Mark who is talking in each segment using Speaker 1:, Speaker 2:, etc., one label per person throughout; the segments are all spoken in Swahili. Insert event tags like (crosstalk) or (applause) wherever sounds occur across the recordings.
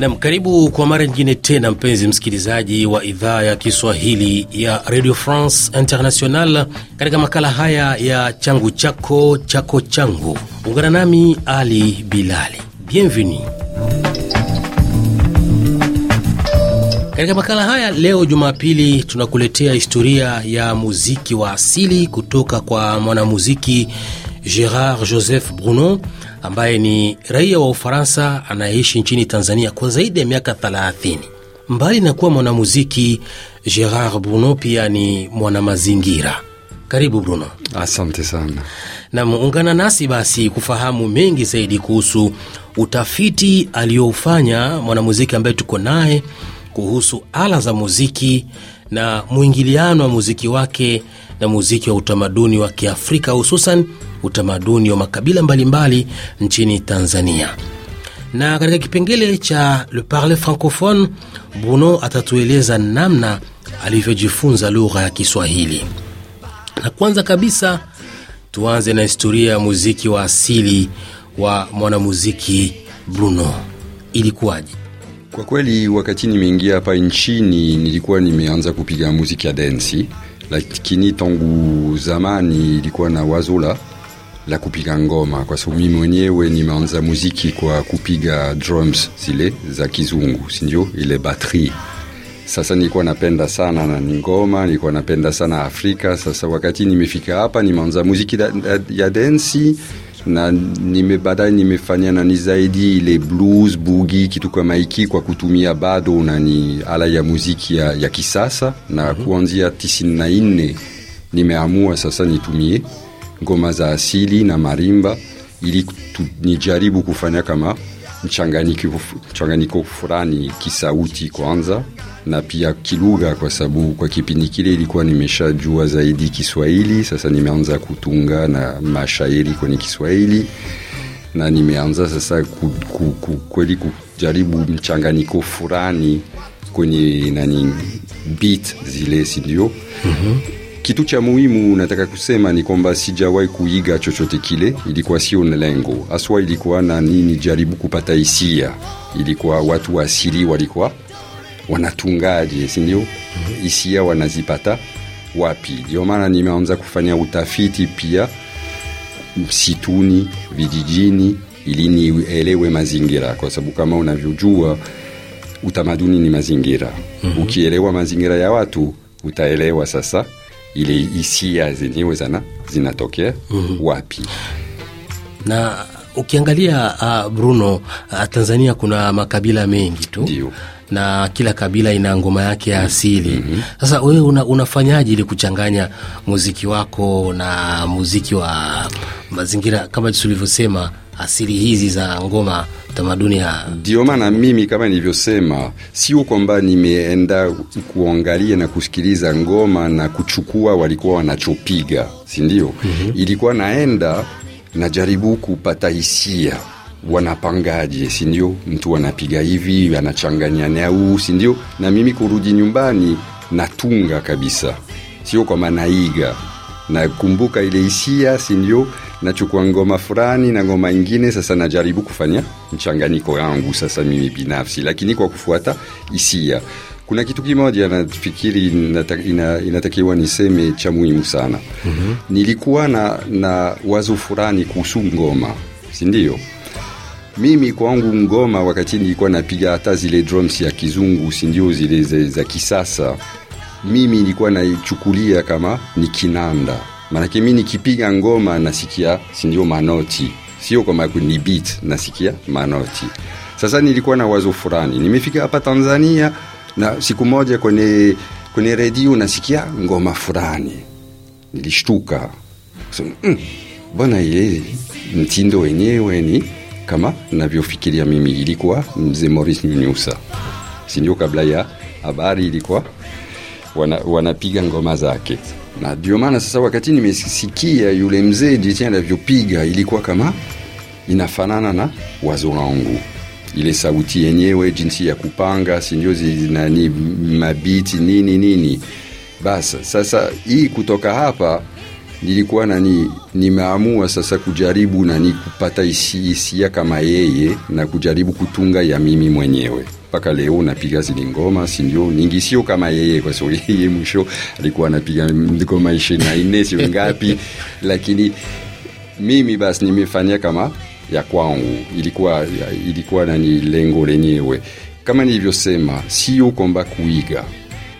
Speaker 1: Nam, karibu kwa mara nyingine tena, mpenzi msikilizaji wa idhaa ya Kiswahili ya Radio France International, katika makala haya ya changu chako chako changu. Ungana nami Ali Bilali. Bienvenue katika makala haya leo Jumapili tunakuletea historia ya muziki wa asili kutoka kwa mwanamuziki Gerard Joseph Bruno ambaye ni raia wa Ufaransa anayeishi nchini Tanzania kwa zaidi ya miaka 30. Mbali na kuwa mwanamuziki, Gerard Bruno pia ni mwanamazingira. Karibu Bruno. Asante sana. Nam, ungana nasi basi kufahamu mengi zaidi kuhusu utafiti aliyoufanya mwanamuziki ambaye tuko naye kuhusu ala za muziki na mwingiliano wa muziki wake na muziki wa utamaduni wa Kiafrika hususan utamaduni wa makabila mbalimbali mbali nchini Tanzania. Na katika kipengele cha Le Parle Francophone, Bruno atatueleza namna alivyojifunza lugha ya Kiswahili. Na kwanza kabisa tuanze na historia ya muziki wa asili wa mwanamuziki Bruno. Ilikuwaje? Kwa kweli, wakati nimeingia
Speaker 2: hapa nchini nilikuwa nimeanza kupiga muziki ya densi, lakini tangu zamani ilikuwa na wazula la kupiga ngoma, kwa sababu mimi mwenyewe nimeanza muziki kwa kupiga drums zile za kizungu, si ndio? Ile batri. sasa nilikuwa napenda sana na ni ngoma, nilikuwa napenda sana Afrika. Sasa wakati nimefika hapa, nimeanza muziki da, da, ya densi na nime baadaye nimefanya nani zaidi ile blues bugi, kitu kama hiki, kwa kutumia bado nani ala ya muziki ya, ya kisasa na mhm. kuanzia tisini na nne nimeamua sasa nitumie ngoma za asili na marimba, ili nijaribu kufanya kama mchanganyiko fulani kisauti kwanza na pia kilugha, kwa sababu kwa kipindi kile ilikuwa nimeshajua zaidi Kiswahili. Sasa nimeanza kutunga na mashairi kwenye Kiswahili na nimeanza sasa ku, ku, ku, kweli kujaribu mchanganyiko fulani kwenye nani beat zile, si ndio? mm -hmm. Kitu cha muhimu nataka kusema ni kwamba sijawahi kuiga chochote kile, ilikuwa sio na lengo haswa, ilikuwa na nini, jaribu kupata hisia. Ilikuwa watu wa asili walikuwa wanatungaje, si ndio? Mhm. Hisia wanazipata wapi? Ndio maana nimeanza kufanya utafiti pia msituni, vijijini, ili nielewe mazingira, kwa sababu kama unavyojua utamaduni ni mazingira. Mhm. Ukielewa mazingira ya watu utaelewa sasa ile hisia
Speaker 1: zenyewe zana zinatokea mm -hmm. wapi na ukiangalia uh, Bruno uh, Tanzania kuna makabila mengi tu Diyo. na kila kabila ina ngoma yake ya asili mm-hmm. Sasa wewe una, unafanyaje ili kuchanganya muziki wako na muziki wa mazingira kama tulivyosema asili hizi za ngoma tamaduni ya
Speaker 2: Ndio maana mimi kama nilivyosema, sio kwamba nimeenda kuangalia na kusikiliza ngoma na kuchukua walikuwa wanachopiga, si ndio? mm -hmm. Ilikuwa naenda najaribu kupata hisia wanapangaje, si ndio? Mtu anapiga hivi anachanganya nau, si ndio? Na mimi kurudi nyumbani natunga kabisa, sio kwamba naiga nakumbuka ile hisia, si ndio? Nachukua ngoma fulani na ngoma ingine, sasa najaribu kufanya mchanganyiko yangu sasa mimi binafsi, lakini kwa kufuata hisia. Kuna kitu kimoja nafikiri inatakiwa ina, ina niseme cha muhimu sana. mm -hmm. Nilikuwa na, na wazo fulani kuhusu ngoma, si ndio? Mimi kwangu ngoma wakati nilikuwa napiga hata zile drums ya kizungu, sindio zile za, za kisasa mimi nilikuwa naichukulia kama ni kinanda, maanake mi nikipiga ngoma nasikia sindio manoti, sio kwamba ni beat, nasikia manoti. Sasa nilikuwa na wazo fulani, nimefika hapa Tanzania na siku moja kwenye kwenye redio nasikia ngoma fulani, nilishtuka so, mm, bwana ile mtindo wenyewe ni kama navyofikiria mimi. Ilikuwa mzee Maurice Nyunyusa, sindio? Kabla ya habari ilikuwa wana, wanapiga ngoma zake, na ndio maana sasa wakati nimesikia yule mzee jinsi anavyopiga ilikuwa kama inafanana na wazo wangu ile sauti yenyewe jinsi ya kupanga sindio, zinani mabiti nini nini. Basi sasa hii kutoka hapa nilikuwa nani nimeamua sasa kujaribu nani kupata hisia kama yeye na kujaribu kutunga ya mimi mwenyewe mpaka leo napiga zili ngoma sindio ningi sio kama yeye kwa sababu (laughs) yeye mwisho alikuwa anapiga ngoma ishirini na nne sio ngapi (laughs) lakini mimi basi nimefanya kama ya kwangu ilikuwa ilikuwa nani lengo lenyewe kama nilivyosema sio kwamba kuiga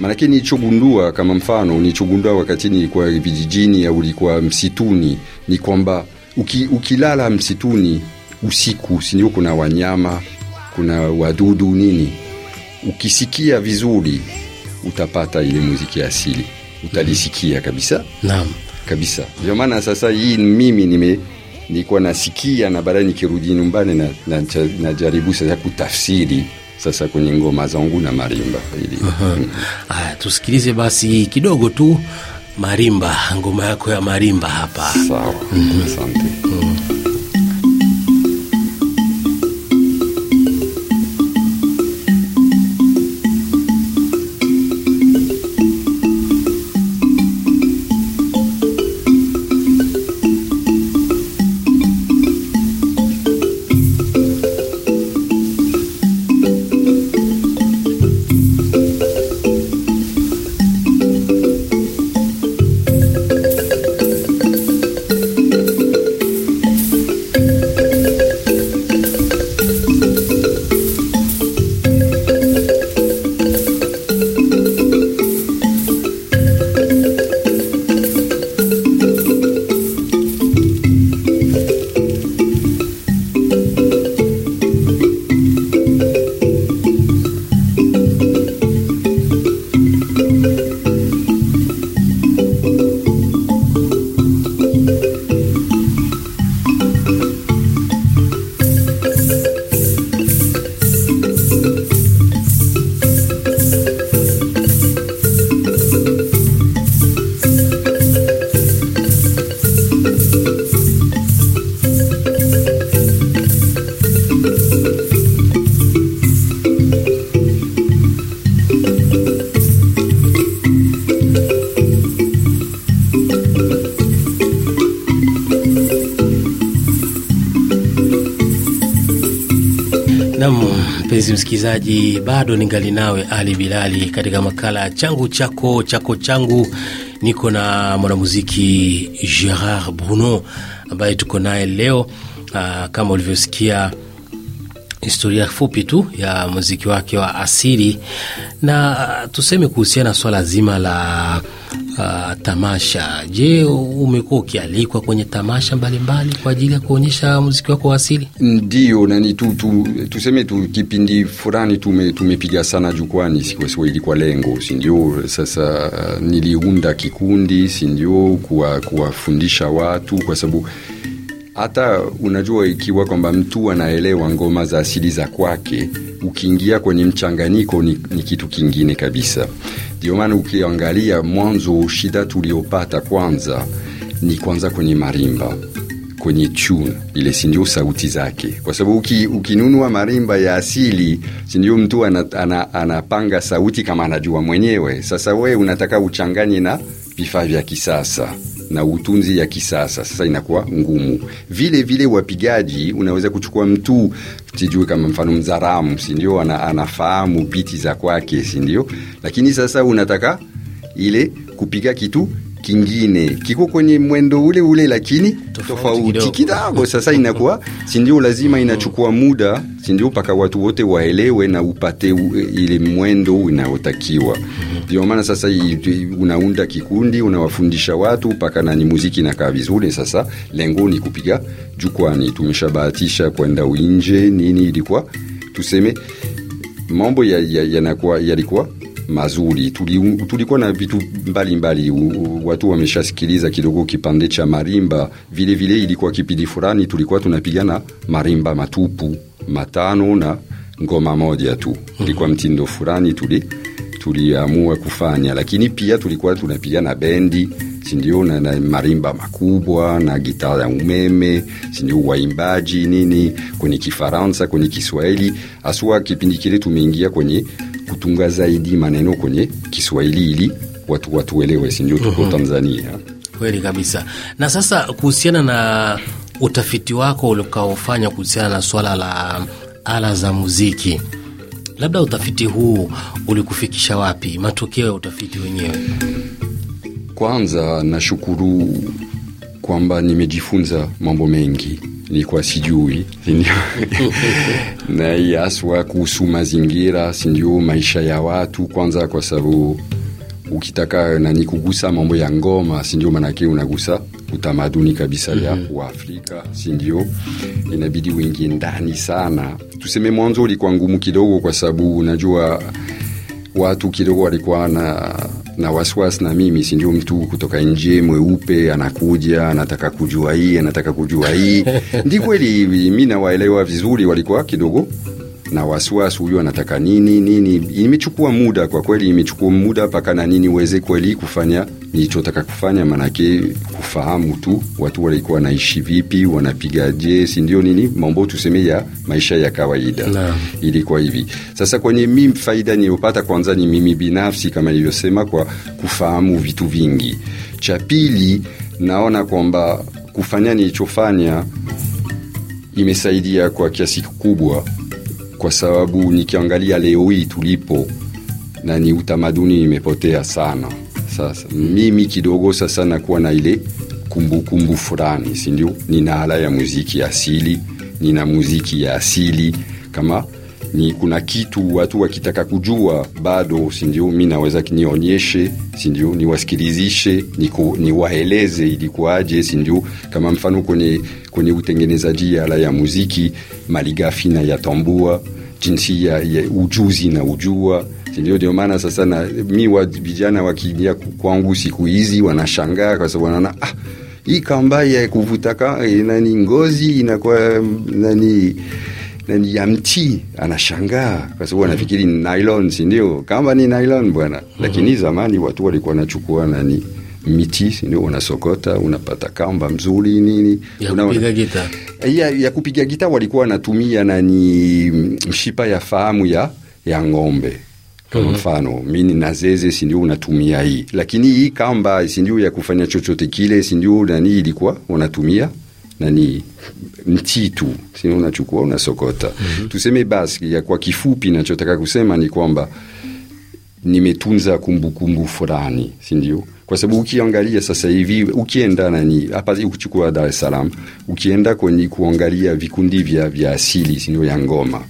Speaker 2: Maanake nilichogundua kama mfano, nilichogundua wakati nilikuwa vijijini au ulikuwa msituni ni kwamba uki, ukilala msituni usiku, sindio, kuna wanyama, kuna wadudu nini, ukisikia vizuri utapata ile muziki asili, utalisikia kabisa. Naam, kabisa. Ndio maana sasa hii mimi nime nilikuwa nasikia na baadaye nikirudi nyumbani najaribu na, na sasa kutafsiri sasa kwenye ngoma zangu na marimba
Speaker 1: ili mm. Haya, tusikilize basi kidogo tu marimba, ngoma yako ya marimba hapa. Sawa, mhm. asante mm. mm. Nam mpenzi msikilizaji, bado ningali nawe Ali Bilali katika makala ya changu chako chako changu. Niko na mwanamuziki Gerard Bruno ambaye tuko naye leo. Aa, ah, kama ulivyosikia historia fupi tu ya muziki wake wa asili, na ah, tuseme kuhusiana swala zima la uh, tamasha. Je, umekuwa ukialikwa kwenye tamasha mbalimbali mbali kwa ajili ya kuonyesha muziki wako wa asili? Ndio,
Speaker 2: nani tu, tu, tuseme tu kipindi fulani tumepiga tume sana jukwani, sikuwa ilikuwa lengo, sindio? Sasa niliunda kikundi, sindio, kuwafundisha kuwa watu kwa sababu hata unajua ikiwa kwamba mtu anaelewa ngoma za asili za kwake, ukiingia kwenye mchanganyiko ni, ni kitu kingine kabisa. Ndio maana ukiangalia mwanzo, shida tuliopata kwanza ni kwanza kwenye marimba kwenye tune ile, si ndio sauti zake, kwa sababu uki, ukinunua marimba ya asili, si ndio mtu anapanga ana, ana sauti kama anajua mwenyewe. Sasa we unataka uchanganye na vifaa vya kisasa na utunzi ya kisasa, sasa inakuwa ngumu. Vile vile wapigaji, unaweza kuchukua mtu sijui kama mfano mzaramu, si ndio? Ana, anafahamu biti za kwake, si ndio? Lakini sasa unataka ile kupiga kitu kingine kiko kwenye mwendo ule ule, lakini tofauti kidogo. Sasa inakuwa sindio, lazima inachukua muda sindio, mpaka watu wote waelewe na upate ile mwendo unaotakiwa. Ndio maana sasa unaunda kikundi, unawafundisha watu mpaka nani muziki inakaa vizuri. Sasa lengo ni kupiga jukwani. Tumeshabahatisha kwenda uinje nini, ilikuwa tuseme mambo yalikuwa ya, ya mazuri. tulikuwa na vitu mbalimbali mbali. Watu wameshasikiliza kidogo kipande cha marimba vile vile, ilikuwa kipindi fulani tulikuwa tunapigana marimba matupu matano na ngoma moja tu, ilikuwa mtindo fulani tuli tuliamua kufanya, lakini pia tulikuwa tunapigana bendi sindio, na, na marimba makubwa na gitaa ya umeme sindio, waimbaji nini, kwenye Kifaransa, kwenye Kiswahili. Haswa kipindi kile tumeingia kwenye kutunga zaidi maneno kwenye Kiswahili ili watu watuelewe, si ndio? Tuko mhm. Tanzania.
Speaker 1: Kweli kabisa. Na sasa kuhusiana na utafiti wako uliokaofanya kuhusiana na swala la ala za muziki, labda utafiti huu ulikufikisha wapi? Matokeo ya utafiti wenyewe?
Speaker 2: Kwanza nashukuru kwamba nimejifunza mambo mengi nilikuwa sijui
Speaker 1: (laughs)
Speaker 2: na haswa kuhusu mazingira, sindio, maisha ya watu kwanza, kwa sababu ukitaka nani kugusa mambo ya ngoma, sindio, manake unagusa utamaduni kabisa ya mm -hmm. Uafrika, sindio, inabidi wengi ndani sana. Tuseme mwanzo ulikuwa ngumu kidogo, kwa sababu unajua watu kidogo walikuwa na na wasiwasi na mimi sindio mtu kutoka nje mweupe anakuja anataka kujua hii anataka kujua hii (laughs) ndi kweli mi nawaelewa vizuri walikuwa kidogo na wasiwasi, huyu anataka nini nini. Imechukua muda kwa kweli, imechukua muda mpaka na nini uweze kweli kufanya nilichotaka kufanya, maanake kufahamu tu watu walikuwa wanaishi vipi, wanapiga je sindio nini, mambo tuseme ya maisha ya kawaida na. Ilikuwa hivi sasa. Kwenye mi faida niliyopata kwanza ni mimi binafsi, kama ilivyosema kwa kufahamu vitu vingi. Cha pili, naona kwamba kufanya nilichofanya imesaidia kwa kiasi kikubwa kwa sababu nikiangalia leo hii tulipo na ni utamaduni imepotea sana. Sasa mimi kidogo sasa nakuwa na ile kumbukumbu fulani, sindio? Nina ala ya muziki asili, nina muziki ya asili kama ni kuna kitu watu wakitaka kujua bado, sindio? Mi naweza nionyeshe, sindio, niwasikilizishe, niwaeleze ilikuwaje, sindio? Kama mfano kwenye, kwenye utengenezaji ala ya muziki, malighafi na yatambua jinsi ya, ya ujuzi na ujua sindio? ndio maana sasa na mi wa vijana wakiingia kwangu siku hizi wanashangaa kwa sababu wanaona ah, hii kamba ya kuvutaka eh, nani ngozi inakuwa nani na ni ya mti. Anashangaa kwa sababu anafikiri ni nylon, si ndio? Kama ni nylon bwana, lakini mhm. zamani watu walikuwa wanachukua nani miti sindio, unasokota unapata kamba mzuri nini ya una, kupiga gita ya, ya kupiga gita walikuwa wanatumia nani mshipa ya fahamu ya, ya ng'ombe kwa mm -hmm. mini na zeze sindio unatumia hii, lakini hii kamba sindio ya kufanya chochote kile sindio nani ilikuwa unatumia nani mti tu, si unachukua unasokota. mm -hmm. Tuseme basi, ya kwa kifupi nachotaka kusema ni kwamba nimetunza kumbukumbu fulani, si ndio? Kwa sababu ukiangalia sasa hivi, ukienda nani hapa, ukichukua Dar es Salaam, ukienda kwenye kuangalia vikundi vya, vya asili, si ndio, ya ngoma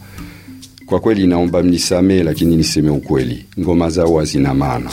Speaker 2: kwa kweli naomba mnisamee, lakini niseme ukweli, ngoma zao hazina maana,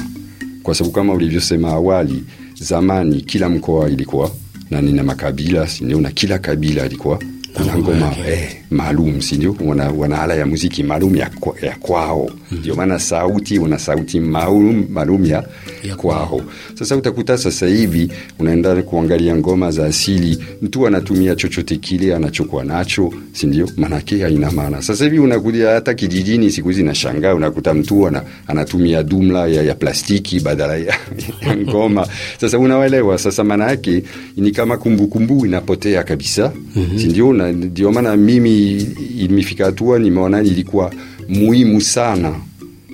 Speaker 2: kwa sababu kama ulivyosema awali, zamani kila mkoa ilikuwa na nina makabila, na kila kabila alikuwa na ngoma eh, maalum sindio? Wana, wana ala ya muziki maalum ya, kwa, ya kwao hmm. ndio mm. maana sauti una sauti maalum, maalum ya, ya kwao. Sasa utakuta sasa hivi unaenda kuangalia ngoma za asili, mtu anatumia chochote kile anachokuwa nacho, sindio? Maanake haina maana. Sasa hivi unakuja hata kijijini siku hizi nashangaa, unakuta mtu ana, anatumia dumla ya, ya plastiki badala ya, ya (laughs) ngoma. Sasa unaelewa, sasa maana yake ni kama kumbukumbu inapotea kabisa, mm -hmm. sindio? na ndio maana mimi ilimifika hatua nimeona nilikuwa muhimu sana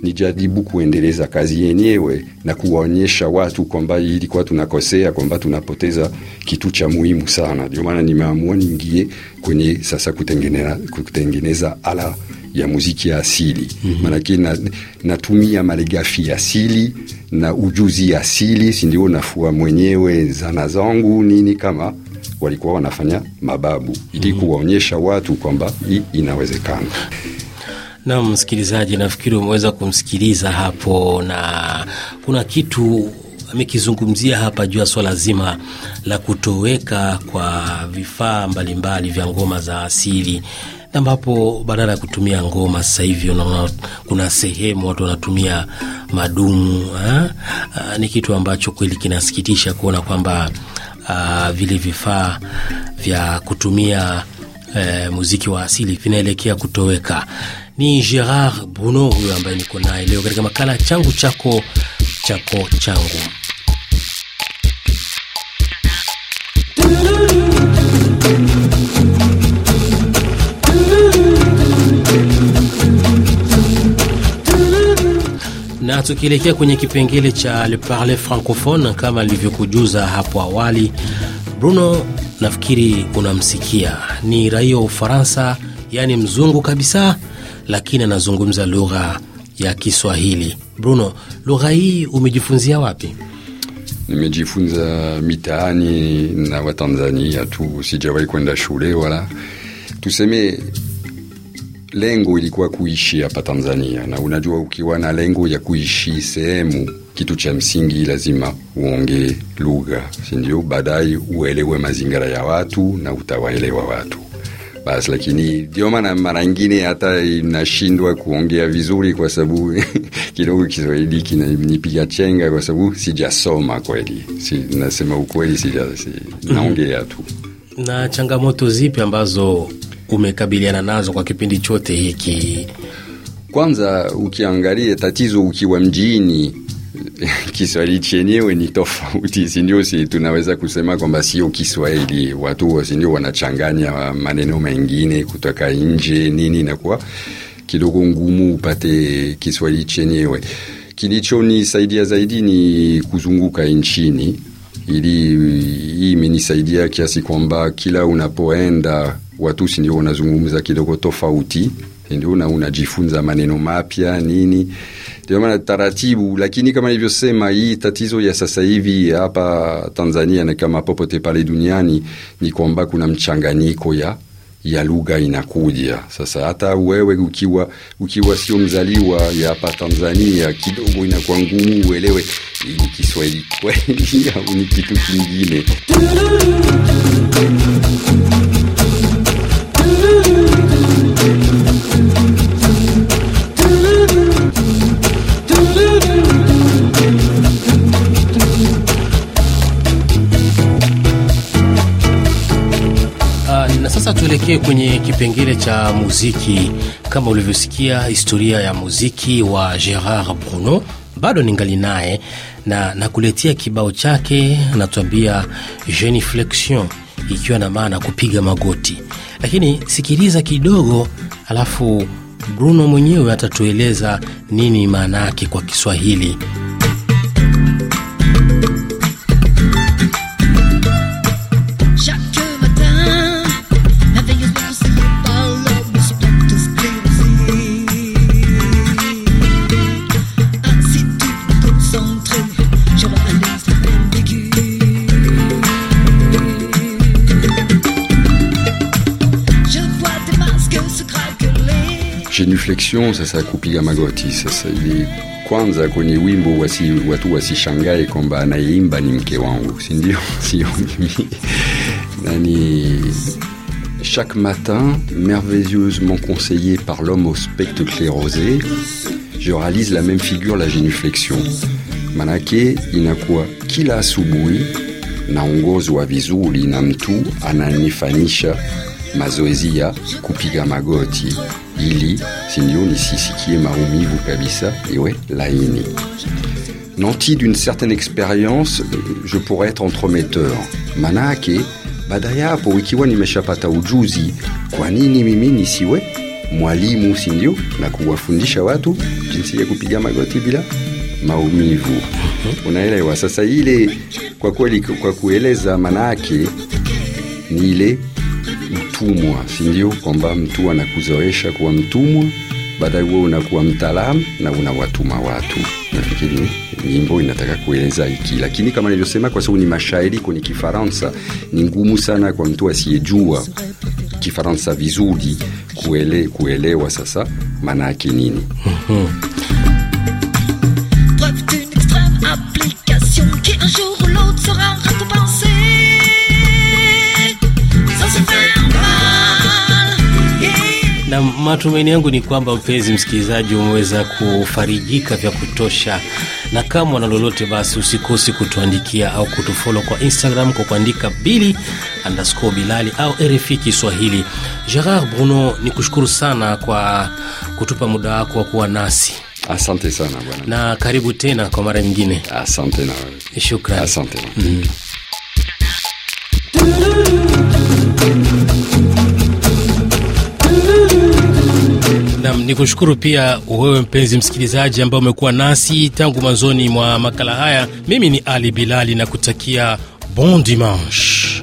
Speaker 2: nijaribu kuendeleza kazi yenyewe na kuwaonyesha watu kwamba ilikuwa tunakosea, kwamba tunapoteza kitu cha muhimu sana. Ndio maana nimeamua niingie kwenye sasa kutengeneza, kutengeneza ala ya muziki ya asili mm -hmm. na, natumia malighafi asili na ujuzi asili, sindio? Nafua mwenyewe zana zangu nini kama walikuwa wanafanya mababu ili mhm. kuwaonyesha watu kwamba hii inawezekana.
Speaker 1: nam msikilizaji, nafikiri umeweza kumsikiliza hapo, na kuna kitu amekizungumzia hapa juu ya swala zima la kutoweka kwa vifaa mbalimbali vya ngoma za asili ambapo badala ya kutumia ngoma sasa hivi unaona kuna sehemu watu wanatumia madumu ha? Eh? Ah, ha, ni kitu ambacho kweli kinasikitisha kuona kwamba uh, vile vifaa vya kutumia uh, muziki wa asili vinaelekea kutoweka. Ni Gerard Bruno huyo ambaye niko naye leo katika makala changu chako chako changu. tukielekea kwenye kipengele cha Le Parle Francophone, kama alivyokujuza hapo awali, Bruno nafikiri unamsikia, ni raia wa Ufaransa, yaani mzungu kabisa, lakini anazungumza lugha ya Kiswahili. Bruno, lugha hii umejifunzia wapi?
Speaker 2: Nimejifunza mitaani na Watanzania tu, sijawahi kwenda shule wala tuseme lengo ilikuwa kuishi hapa Tanzania, na unajua, ukiwa na lengo ya kuishi sehemu, kitu cha msingi lazima uongee lugha, si ndio? Baadaye uelewe mazingira ya watu na utawaelewa watu bas Lakini ndio maana mara ingine hata inashindwa kuongea vizuri, kwa sababu (laughs) kidogo Kiswahili kinanipiga chenga, kwa sababu sijasoma kweli. Si, nasema ukweli, sija, si, naongea tu.
Speaker 1: Na changamoto zipi ambazo umekabiliana nazo kwa kipindi chote hiki?
Speaker 2: Kwanza ukiangalia tatizo ukiwa mjini (laughs) Kiswahili chenyewe ni tofauti, sindio? Si tunaweza kusema kwamba sio Kiswahili, watu sindio, wanachanganya maneno mengine kutoka nje nini, inakuwa kidogo ngumu upate Kiswahili chenyewe. Kilichonisaidia zaidi ni kuzunguka nchini ili hii imenisaidia kiasi kwamba kila unapoenda watusi ndio unazungumza kidogo tofauti, ndio na unajifunza maneno mapya nini, ndio maana taratibu. Lakini kama nilivyosema, hii tatizo ya sasa hivi hapa Tanzania na kama popote pale duniani ni kwamba kuna mchanganyiko ya ya lugha inakuja sasa. Hata wewe ukiwa, ukiwa sio mzaliwa ya hapa Tanzania, kidogo inakuwa ngumu uelewe ni Kiswahili (laughs) kweli au ni kitu kingine.
Speaker 1: Sasa tuelekee kwenye kipengele cha muziki. Kama ulivyosikia historia ya muziki wa Gerard Bruno, bado ningali naye na nakuletea kibao chake, anatuambia genuflexion, ikiwa na maana kupiga magoti. Lakini sikiliza kidogo, alafu Bruno mwenyewe atatueleza nini maana yake kwa Kiswahili.
Speaker 2: reflexion ça kupiga magoti c'est quand kwanza kwenye wimbo wasi, watu shangae kwamba anayeimba ni mke wangu sindio (laughs) sio mimi nani chaque matin merveilleusement conseillé par l'homme au clair rosé je réalise la même figure la génuflexion manake inakuwa kila asubuhi naongozwa vizuri na mtu ananifanisha Mazoezia kupiga magoti ili sindio nisisikie maumivu kabisa iwe laini. Nanti d'une certaine expérience, je pourrais être entremetteur. Manake Badaya, ya hapo, ikiwa nimeshapata ujuzi, kwani ni mimi nisiwe mwalimu, sindio, na kuwafundisha watu jinsi ya kupiga magoti bila maumivu? Unaelewa? Sasa ile kwa kweli, kwa kueleza, manake ni ile utumwa, si ndio? Kwamba mtu anakuzoesha kuwa mtumwa, baadaye huwe unakuwa mtaalamu na unawatuma watu. Nafikiri nyimbo inataka kueleza hiki, lakini kama nilivyosema, kwa sababu ni mashairi kwenye Kifaransa, ni ngumu sana kwa mtu asiyejua Kifaransa vizuri kuele, kuelewa sasa maana yake nini. Mhm.
Speaker 1: Matumaini yangu ni kwamba mpenzi msikilizaji, umeweza kufarijika vya kutosha, na kama una lolote, basi usikosi kutuandikia au kutufolo kwa Instagram kwa kuandika bili underscore bilali au RFI Kiswahili. Gerard Bruno, ni kushukuru sana kwa kutupa muda wako wa kuwa nasi. Asante sana bwana, na karibu tena kwa mara nyingine. Asante na wewe, shukrani. Asante. mm. Nam ni kushukuru pia wewe mpenzi msikilizaji ambaye umekuwa nasi tangu mwanzoni mwa makala haya. Mimi ni Ali Bilali na kutakia bon dimanche.